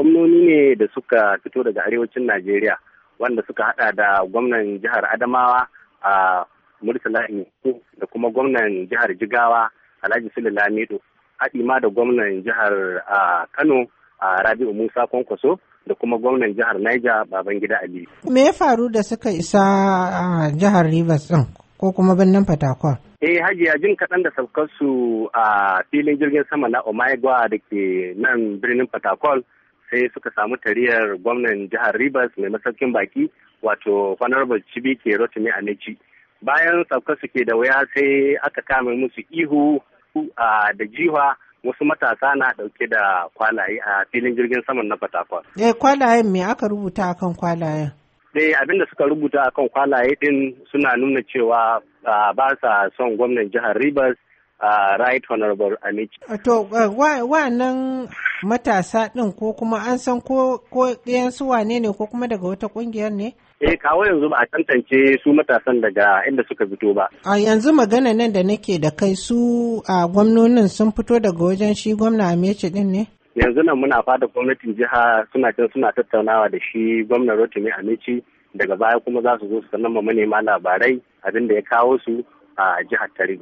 gwamnoni ne da suka fito daga arewacin najeriya wanda suka hada da gwamnan jihar adamawa a murtala da kuma gwamnan jihar jigawa alhaji sule lamido haɗi ma da gwamnan jihar kano a rabi'u musa kwankwaso da kuma gwamnan jihar niger babangida aliyu me ya faru da suka isa a jihar rivers ɗin ko kuma birnin fatakwal eh hajiya jin kaɗan da saukarsu a filin jirgin sama na omaigwa da ke nan birnin fatakwal sai suka samu tariyar gwamnan jihar Rivers mai masaukin baki wato Honorable Cibi ke Rotimi Amechi. Bayan saukar suke da wuya sai aka kame musu ihu da jiwa wasu matasa na dauke da kwalaye a filin jirgin saman na Fatakwal. Eh kwalayen me aka rubuta akan kwalayen? Dai eh, abinda suka rubuta akan kwalaye din suna nuna cewa ba sa son gwamnan jihar Rivers Uh, right honorable Amici. To, nan matasa ɗin ko kuma an san ko ɗayan su wane ne ko kuma daga wata ƙungiyar ne? Eh kawo yanzu ba a tantance su matasan daga inda suka fito ba. A yanzu magana nan da nake da kai su a gwamnonin sun fito daga wajen shi gwamna Amechi ɗin ne? Yanzu nan muna fada gwamnatin jiha suna can suna tattaunawa da shi gwamna Rotimi Amechi daga baya kuma za su zo su sanar ma manema labarai abin da ya kawo su a jihar Taribas.